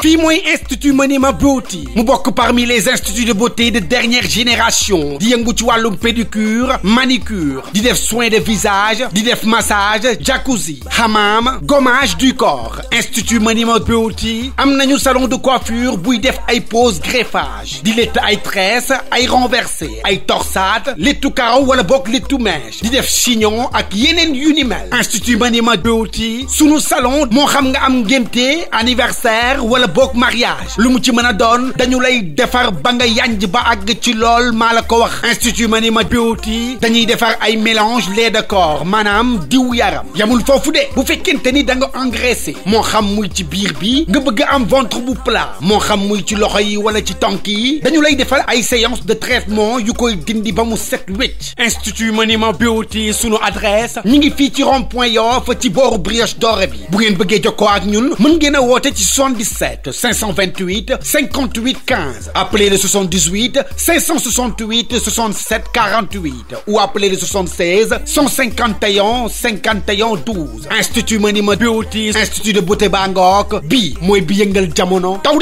Puis moi institut manima Beauty Je suis parmi les instituts de beauté de dernière génération di pédicure manicure Didef def soins de visage Didef massage jacuzzi hammam gommage du corps institut manima Beauty am nañu salon de coiffure buy def pose greffage di létt ay tresse ay renversé ay torsade léttu karaw wala bokk tout mèche di def chignon ak yenen unimel. mel institut manima Beauty sous salon salons, mon nga am anniversaire ou wala bok mariage lu mu ci donné. doon dañu lay defar ba nga yanj ba ag ci lool mala ko wax institut Manima Beauty dañuy defar ay mélange lait de corps manam diw yaram yamul fofu de bu fekkente ni da nga engraissé mo xam muy ci biir bi nga bëgg am ventre bu plat Mon xam muy ci loxo yi wala ci tonki yi dañu lay defal ay séance de traitement yu koy dindi ba mu set institut Manima Beauty sunu adresse ñi ngi fii ci rond point Yoff ci bor brioche dorebi bi bu ngeen bëggee jokkoo ak ñun mën ngeen a ci 77 528 58 15. Appelez le 78 568 67 48 ou appelez le 76 151 51 12. Institut Monument Beauty, Institut de Beauté Bangkok, bi Moué bi jamono taw